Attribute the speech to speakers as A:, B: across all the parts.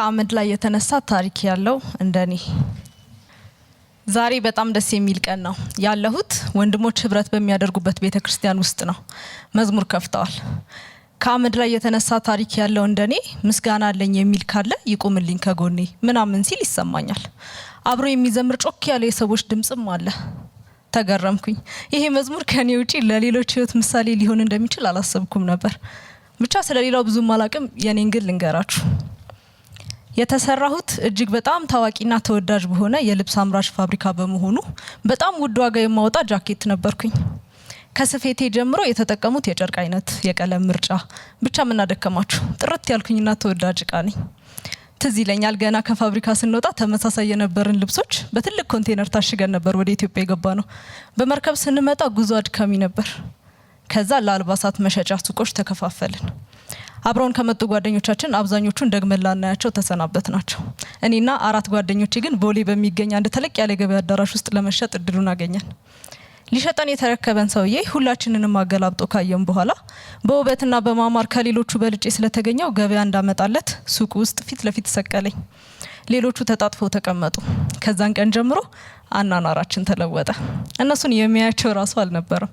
A: ከአመድ ላይ የተነሳ ታሪክ ያለው እንደኔ ዛሬ በጣም ደስ የሚል ቀን ነው። ያለሁት ወንድሞች ህብረት በሚያደርጉበት ቤተ ክርስቲያን ውስጥ ነው። መዝሙር ከፍተዋል። ከአመድ ላይ የተነሳ ታሪክ ያለው እንደኔ ምስጋና አለኝ የሚል ካለ ይቁምልኝ ከጎኔ ምናምን ሲል ይሰማኛል። አብሮ የሚዘምር ጮክ ያለ የሰዎች ድምፅም አለ። ተገረምኩኝ። ይሄ መዝሙር ከኔ ውጪ ለሌሎች ህይወት ምሳሌ ሊሆን እንደሚችል አላሰብኩም ነበር። ብቻ ስለሌላው ብዙም አላቅም። የኔን ግን ልንገራችሁ። የተሰራሁት እጅግ በጣም ታዋቂና ተወዳጅ በሆነ የልብስ አምራች ፋብሪካ በመሆኑ በጣም ውድ ዋጋ የማወጣ ጃኬት ነበርኩኝ። ከስፌቴ ጀምሮ የተጠቀሙት የጨርቅ አይነት፣ የቀለም ምርጫ ብቻ ምናደከማችሁ ጥርት ያልኩኝና ተወዳጅ እቃ ነኝ። ትዝ ይለኛል ገና ከፋብሪካ ስንወጣ ተመሳሳይ የነበርን ልብሶች በትልቅ ኮንቴነር ታሽገን ነበር ወደ ኢትዮጵያ የገባ ነው። በመርከብ ስንመጣ ጉዞ አድካሚ ነበር። ከዛ ለአልባሳት መሸጫ ሱቆች ተከፋፈልን። አብረውን ከመጡ ጓደኞቻችን አብዛኞቹን ደግመን ላናያቸው ተሰናበት ናቸው። እኔና አራት ጓደኞቼ ግን ቦሌ በሚገኝ አንድ ተለቅ ያለ ገበያ አዳራሽ ውስጥ ለመሸጥ እድሉን አገኘን። ሊሸጠን የተረከበን ሰውዬ ሁላችንንም አገላብጦ ካየም በኋላ በውበትና በማማር ከሌሎቹ በልጬ ስለተገኘው ገበያ እንዳመጣለት ሱቅ ውስጥ ፊት ለፊት ሰቀለኝ። ሌሎቹ ተጣጥፈው ተቀመጡ። ከዛን ቀን ጀምሮ አናናራችን ተለወጠ። እነሱን የሚያያቸው ራሱ አልነበረም።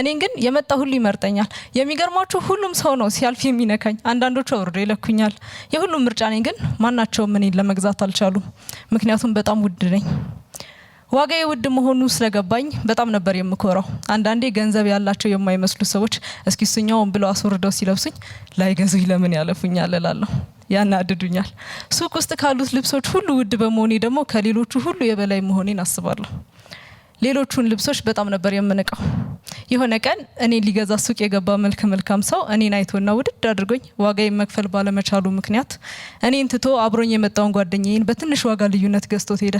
A: እኔን ግን የመጣ ሁሉ ይመርጠኛል። የሚገርማችሁ ሁሉም ሰው ነው ሲያልፍ የሚነካኝ። አንዳንዶቹ አውርዶ ይለኩኛል። የሁሉም ምርጫ ነኝ፣ ግን ማናቸውም እኔን ለመግዛት አልቻሉም። ምክንያቱም በጣም ውድ ነኝ። ዋጋ ውድ መሆኑ ስለገባኝ በጣም ነበር የምኮራው። አንዳንዴ ገንዘብ ያላቸው የማይመስሉ ሰዎች እስኪ እሱኛውን ብለው አስወርደው ሲለብሱኝ ላይገዙኝ ለምን ያለፉኛል እላለሁ። ያናድዱኛል። ሱቅ ውስጥ ካሉት ልብሶች ሁሉ ውድ በመሆኔ ደግሞ ከሌሎቹ ሁሉ የበላይ መሆኔን አስባለሁ። ሌሎቹን ልብሶች በጣም ነበር የምንቀው። የሆነ ቀን እኔ ሊገዛ ሱቅ የገባ መልክ መልካም ሰው እኔን አይቶና ውድድ አድርጎኝ ዋጋ መክፈል ባለመቻሉ ምክንያት እኔን ትቶ አብሮኝ የመጣውን ጓደኛዬን በትንሽ ዋጋ ልዩነት ገዝቶት ሄደ።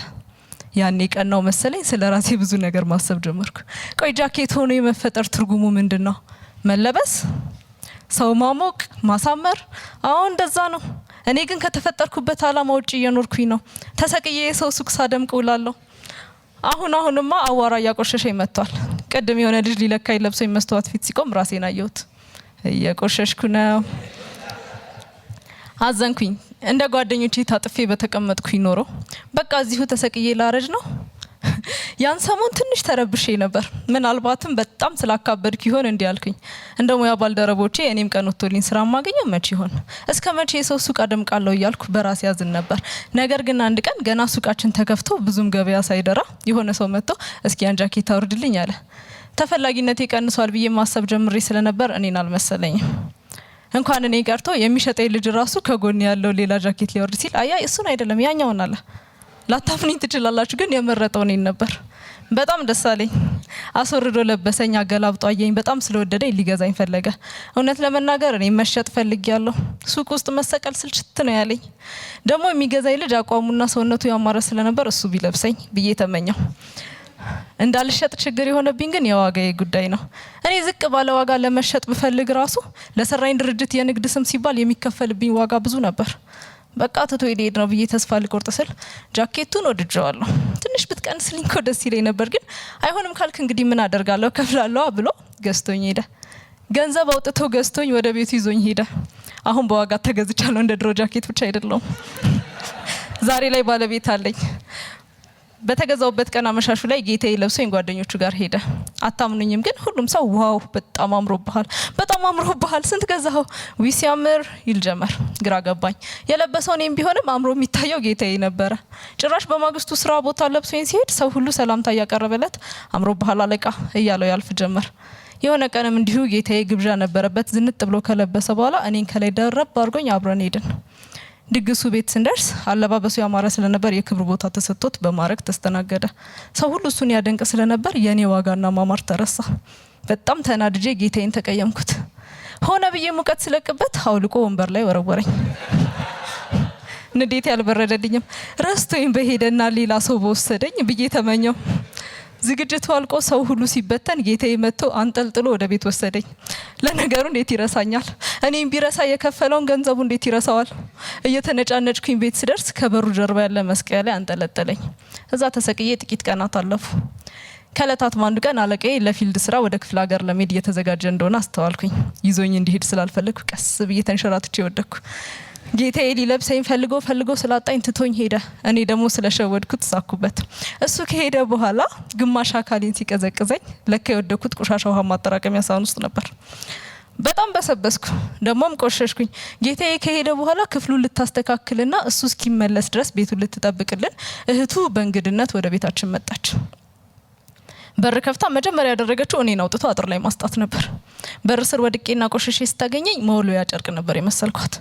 A: ያኔ ቀናው መሰለኝ። ስለ ራሴ ብዙ ነገር ማሰብ ጀመርኩ። ቆይ ጃኬት ሆኖ የመፈጠር ትርጉሙ ምንድን ነው? መለበስ፣ ሰው ማሞቅ፣ ማሳመር። አሁን እንደዛ ነው። እኔ ግን ከተፈጠርኩበት ዓላማ ውጭ እየኖርኩኝ ነው። ተሰቅዬ የሰው ሱቅ ሳደምቅ ውላለሁ። አሁን አሁንማ አዋራ እያቆሸሸ ይመጥቷል። ቅድም የሆነ ልጅ ሊለካኝ ለብሶ መስተዋት ፊት ሲቆም ራሴን አየሁት። እየቆሸሽኩ ነው። አዘንኩኝ። እንደ ጓደኞቼ ታጥፌ በተቀመጥኩኝ ኖሮ በቃ እዚሁ ተሰቅዬ ላረጅ ነው ያን ሰሞን ትንሽ ተረብሼ ነበር። ምናልባትም በጣም ስላካበድክ ይሆን እንዲህ አልኩኝ። እንደ ሙያ ባልደረቦቼ እኔም ቀን ወጥቶልኝ ስራ ማገኘው መቼ ይሆን እስከ መቼ የሰው ሱቅ አደምቃለሁ እያልኩ በራሴ ያዝን ነበር። ነገር ግን አንድ ቀን ገና ሱቃችን ተከፍቶ ብዙም ገበያ ሳይደራ የሆነ ሰው መጥቶ እስኪ ያን ጃኬት አውርድልኝ አለ። ተፈላጊነቴ ቀንሷል ብዬ ማሰብ ጀምሬ ስለነበር እኔን አልመሰለኝም። እንኳን እኔ ቀርቶ የሚሸጠኝ ልጅ ራሱ ከጎን ያለው ሌላ ጃኬት ሊያወርድ ሲል አያ እሱን አይደለም ያኛውን አለ ላታፍኔኝ ትችላላችሁ፣ ግን የመረጠው እኔን ነበር። በጣም ደስ አለኝ። አስወርዶ ለበሰኝ፣ አገላብጦ አየኝ። በጣም ስለወደደኝ ሊገዛኝ ፈለገ። እውነት ለመናገር እኔ መሸጥ ፈልጌያለሁ። ሱቅ ውስጥ መሰቀል ስልችት ነው ያለኝ። ደግሞ የሚገዛኝ ልጅ አቋሙና ሰውነቱ ያማረ ስለነበር እሱ ቢለብሰኝ ብዬ ተመኘው። እንዳልሸጥ ችግር የሆነብኝ ግን የዋጋዬ ጉዳይ ነው። እኔ ዝቅ ባለ ዋጋ ለመሸጥ ብፈልግ ራሱ ለሰራኝ ድርጅት የንግድ ስም ሲባል የሚከፈልብኝ ዋጋ ብዙ ነበር። በቃ ትቶ ሊሄድ ነው ብዬ ተስፋ ልቆርጥ ስል ጃኬቱን ወድጀዋለሁ። ትንሽ ብትቀንስልኝ እኮ ደስ ይለኝ ነበር፣ ግን አይሆንም ካልክ እንግዲህ ምን አደርጋለሁ ከፍላለዋ ብሎ ገዝቶኝ ሄደ። ገንዘብ አውጥቶ ገዝቶኝ ወደ ቤቱ ይዞኝ ሄደ። አሁን በዋጋ ተገዝቻለሁ። እንደ ድሮ ጃኬት ብቻ አይደለውም። ዛሬ ላይ ባለቤት አለኝ። በተገዛውበት ቀን አመሻሹ ላይ ጌታዬ ለብሶኝ ጓደኞቹ ጋር ሄደ። አታምኑኝም ግን ሁሉም ሰው ዋው በጣም አምሮብሃል፣ በጣም አምሮብሃል፣ ስንት ገዛኸው? ዊ ሲያምር ይል ጀመር። ግራ ገባኝ። የለበሰው እኔም ቢሆንም አምሮ የሚታየው ጌታዬ ነበረ። ጭራሽ በማግስቱ ስራ ቦታ ለብሶኝ ሲሄድ ሰው ሁሉ ሰላምታ እያቀረበለት አምሮብሃል አለቃ እያለው ያልፍ ጀመር። የሆነ ቀንም እንዲሁ ጌታዬ ግብዣ ነበረበት። ዝንጥ ብሎ ከለበሰ በኋላ እኔን ከላይ ደረብ አድርጎኝ አብረን ሄድን። ድግሱ ቤት ስንደርስ አለባበሱ ያማረ ስለነበር የክብር ቦታ ተሰጥቶት በማድረግ ተስተናገደ። ሰው ሁሉ እሱን ያደንቅ ስለነበር የእኔ ዋጋና ማማር ተረሳ። በጣም ተናድጄ ጌታዬን ተቀየምኩት። ሆነ ብዬ ሙቀት ስለቅበት አውልቆ ወንበር ላይ ወረወረኝ። ንዴት ያልበረደልኝም ረስቶኝ በሄደና ሌላ ሰው በወሰደኝ ብዬ ተመኘው። ዝግጅቱ አልቆ ሰው ሁሉ ሲበተን ጌታዬ መጥቶ አንጠልጥሎ ወደ ቤት ወሰደኝ። ለነገሩ እንዴት ይረሳኛል? እኔም ቢረሳ የከፈለውን ገንዘቡ እንዴት ይረሳዋል? እየተነጫነጭኩኝ ቤት ስደርስ ከበሩ ጀርባ ያለ መስቀያ ላይ አንጠለጠለኝ። እዛ ተሰቅዬ ጥቂት ቀናት አለፉ። ከእለታት አንዱ ቀን አለቀዬ ለፊልድ ስራ ወደ ክፍለ ሀገር ለመሄድ እየተዘጋጀ እንደሆነ አስተዋልኩኝ። ይዞኝ እንዲሄድ ስላልፈለግኩ ቀስ ብዬ ተንሸራትቼ ወደኩ። ጌታዬ ሊለብሰኝ ፈልጎ ፈልጎ ስላጣኝ ትቶኝ ሄደ። እኔ ደግሞ ስለሸወድኩት ሳኩበት። እሱ ከሄደ በኋላ ግማሽ አካሌን ሲቀዘቅዘኝ ለካ የወደኩት ቆሻሻ ውሃ ማጠራቀሚያ ሳህን ውስጥ ነበር። በጣም በሰበስኩ፣ ደግሞም ቆሸሽኩኝ። ጌታዬ ከሄደ በኋላ ክፍሉን ልታስተካክልና እሱ እስኪመለስ ድረስ ቤቱን ልትጠብቅልን እህቱ በእንግድነት ወደ ቤታችን መጣች። በር ከፍታ መጀመሪያ ያደረገችው እኔን አውጥቶ አጥር ላይ ማስጣት ነበር። በር ስር ወድቄና ቆሸሼ ስታገኘኝ መወልወያ ጨርቅ ነበር የመሰልኳት።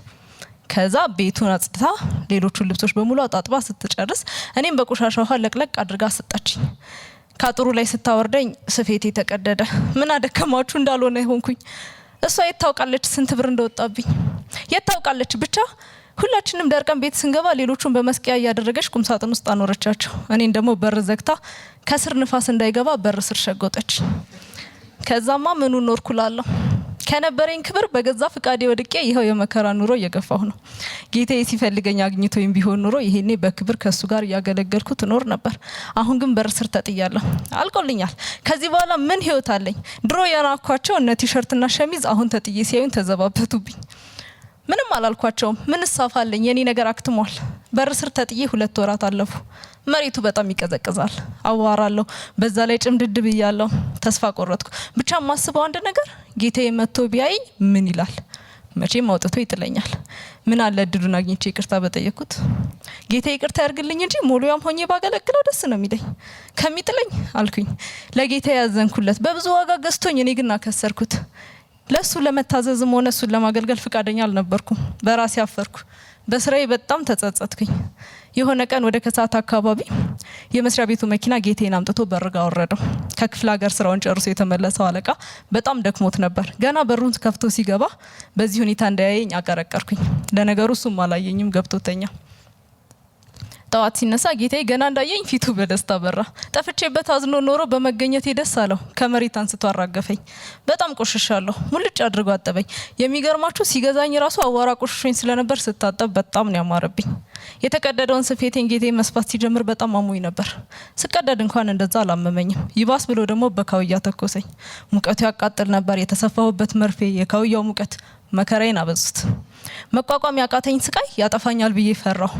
A: ከዛ ቤቱን አጽድታ ሌሎቹን ልብሶች በሙሉ አጣጥባ ስትጨርስ እኔም በቆሻሻ ውሃ ለቅለቅ አድርጋ ሰጣችኝ። ከአጥሩ ላይ ስታወርደኝ ስፌቴ ተቀደደ። ምን አደከማችሁ እንዳልሆነ ይሆንኩኝ። እሷ የታውቃለች ስንት ብር እንደወጣብኝ የት ብቻ ሁላችንም ደርቀን ቤት ስንገባ ሌሎቹን በመስቀያ እያደረገች ቁምሳጥን ውስጥ አኖረቻቸው። እኔን ደግሞ በር ዘግታ ከስር ንፋስ እንዳይገባ በር ስር ሸጎጠች። ከዛማ ምኑ ኖርኩላለሁ። ከነበረኝ ክብር በገዛ ፍቃዴ ወድቄ ይኸው የመከራ ኑሮ እየገፋሁ ነው። ጌታዬ ሲፈልገኝ አግኝቶኝ ቢሆን ኑሮ ይሄኔ በክብር ከእሱ ጋር እያገለገልኩ ትኖር ነበር። አሁን ግን በር ስር ተጥያለሁ። አልቆልኛል። ከዚህ በኋላ ምን ህይወት አለኝ? ድሮ የናኳቸው እነ ቲሸርትና ሸሚዝ አሁን ተጥዬ ሲያዩን ተዘባበቱብኝ። ምንም አላልኳቸውም። ምን ሳፋለኝ? የኔ ነገር አክትሟል። በር ስር ተጥዬ ሁለት ወራት አለፉ። መሬቱ በጣም ይቀዘቅዛል፣ አዋራለሁ፣ በዛ ላይ ጭምድድብ እያለሁ ተስፋ ቆረጥኩ። ብቻ ማስበው አንድ ነገር ጌታዬ መጥቶ ቢያይኝ ምን ይላል? መቼም አውጥቶ ይጥለኛል። ምን አለ እድሉን አግኝቼ ይቅርታ በጠየቅኩት። ጌታ ይቅርታ ያርግልኝ እንጂ ሞሉያም ሆኜ ባገለግለው ደስ ነው የሚለኝ ከሚጥለኝ አልኩኝ። ለጌታ ያዘንኩለት በብዙ ዋጋ ገዝቶኝ፣ እኔ ግን አከሰርኩት። ለእሱ ለመታዘዝም ሆነ እሱን ለማገልገል ፍቃደኛ አልነበርኩም። በራሴ አፈርኩ። በስራዬ በጣም ተጸጸትኩኝ። የሆነ ቀን ወደ ከሰዓት አካባቢ የመስሪያ ቤቱ መኪና ጌቴን አምጥቶ በርጋ አወረደው። ከክፍለ ሀገር ስራውን ጨርሶ የተመለሰው አለቃ በጣም ደክሞት ነበር። ገና በሩን ከፍቶ ሲገባ በዚህ ሁኔታ እንዳያየኝ አቀረቀርኩኝ። ለነገሩ እሱም አላየኝም ገብቶተኛ ጠዋት ሲነሳ ጌታዬ ገና እንዳየኝ ፊቱ በደስታ በራ። ጠፍቼበት አዝኖ ኖሮ በመገኘቴ ደስ አለው። ከመሬት አንስቶ አራገፈኝ። በጣም ቆሽሻለሁ። ሙልጭ አድርጎ አጠበኝ። የሚገርማችሁ ሲገዛኝ ራሱ አዋራ ቆሽሾኝ ስለነበር ስታጠብ በጣም ነው ያማረብኝ። የተቀደደውን ስፌቴን ጌታዬ መስፋት ሲጀምር በጣም አሞኝ ነበር። ስቀደድ እንኳን እንደዛ አላመመኝም። ይባስ ብሎ ደግሞ በካውያ ተኮሰኝ። ሙቀቱ ያቃጥል ነበር። የተሰፋሁበት መርፌ፣ የካውያው ሙቀት መከራዬን አበዙት። መቋቋም ያቃተኝ ስቃይ ያጠፋኛል ብዬ ፈራሁ።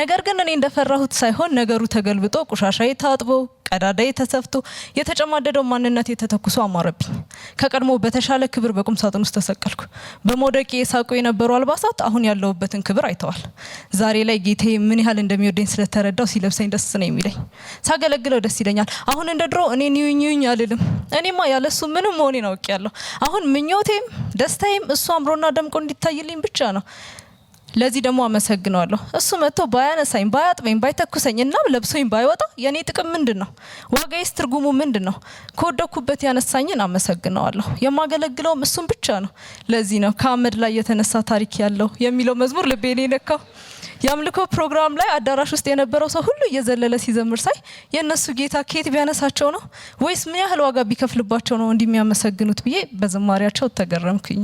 A: ነገር ግን እኔ እንደፈራሁት ሳይሆን ነገሩ ተገልብጦ ቁሻሻዬ ታጥቦ ቀዳዳ ተሰፍቶ የተጨማደደው ማንነት የተተኩሶ አማረብኝ። ከቀድሞ በተሻለ ክብር በቁም ሳጥን ውስጥ ተሰቀልኩ። በመውደቄ የሳቁ የነበሩ አልባሳት አሁን ያለሁበትን ክብር አይተዋል። ዛሬ ላይ ጌቴ ምን ያህል እንደሚወደኝ ስለተረዳው ሲለብሰኝ ደስ ነው የሚለኝ። ሳገለግለው ደስ ይለኛል። አሁን እንደ ድሮ እኔ ኒዩኝ አልልም። እኔማ ያለሱ ምንም መሆኔን አውቄያለሁ። አሁን ምኞቴም ደስታዬም እሱ አምሮና ደምቆ እንዲታይልኝ ብቻ ነው። ለዚህ ደግሞ አመሰግነዋለሁ። እሱ መጥቶ ባያነሳኝ፣ ባያጥበኝ፣ ባይተኩሰኝ እናም ለብሶኝ ባይወጣ የኔ ጥቅም ምንድን ነው? ዋጋዬስ ትርጉሙ ምንድን ነው? ከወደኩበት ያነሳኝን አመሰግነዋለሁ። የማገለግለውም እሱን ብቻ ነው። ለዚህ ነው ከአመድ ላይ የተነሳ ታሪክ ያለው የሚለው መዝሙር ልቤን የነካው። የአምልኮ ፕሮግራም ላይ አዳራሽ ውስጥ የነበረው ሰው ሁሉ እየዘለለ ሲዘምር ሳይ የእነሱ ጌታ ከየት ቢያነሳቸው ነው ወይስ ምን ያህል ዋጋ ቢከፍልባቸው ነው እንዲህ የሚያመሰግኑት ብዬ በዝማሪያቸው ተገረምኩኝ።